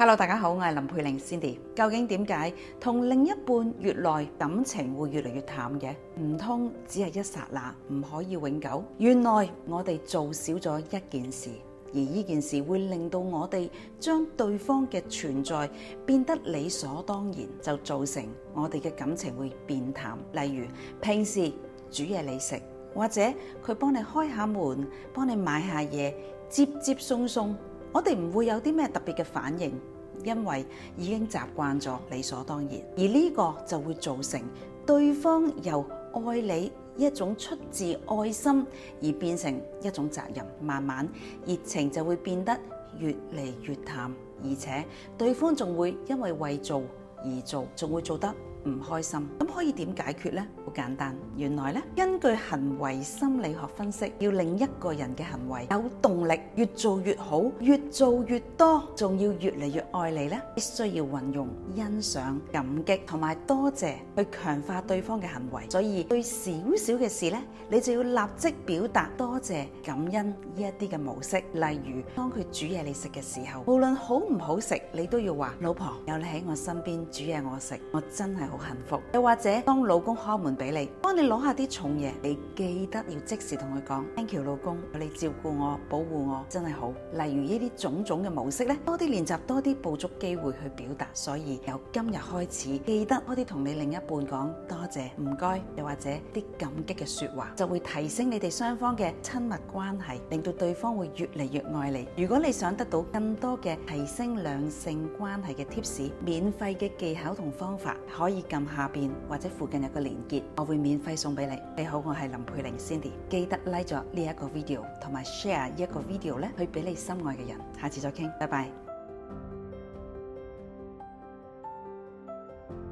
Hello，大家好，我係林佩玲 Cindy。究竟點解同另一半越耐感情會越嚟越淡嘅？唔通只係一剎那，唔可以永久？原來我哋做少咗一件事，而呢件事會令到我哋將對方嘅存在變得理所當然，就造成我哋嘅感情會變淡。例如平時煮嘢你食，或者佢幫你開下門，幫你買下嘢，接接送送，我哋唔會有啲咩特別嘅反應。因為已經習慣咗理所當然，而呢個就會造成對方由愛你一種出自愛心而變成一種責任，慢慢熱情就會變得越嚟越淡，而且對方仲會因為為做而做，仲會做得。唔開心，咁可以點解決呢？好簡單，原來呢，根據行為心理學分析，要令一個人嘅行為有動力，越做越好，越做越多，仲要越嚟越愛你呢，必須要運用欣賞、感激同埋多謝去強化對方嘅行為。所以對少少嘅事呢，你就要立即表達多謝、感恩呢一啲嘅模式。例如當佢煮嘢你食嘅時候，無論好唔好食，你都要話老婆，有你喺我身邊煮嘢我食，我真係。好幸福，又或者當老公開門俾你，幫你攞下啲重嘢，你記得要即時同佢講，Thank you，老公，你照顧我、保護我真係好。例如呢啲種種嘅模式咧，多啲練習，多啲捕捉機會去表達。所以由今日開始，記得多啲同你另一半講多謝、唔該，又或者啲感激嘅說話，就會提升你哋雙方嘅親密關係，令到對方會越嚟越愛你。如果你想得到更多嘅提升兩性關係嘅 tips，免費嘅技巧同方法，可以。撳下面或者附近有個連結，我會免費送俾你。你好，我係林佩玲 Cindy，記得 like 咗呢一個 video 同埋 share 一個 video 呢，去俾你心愛嘅人。下次再傾，拜拜。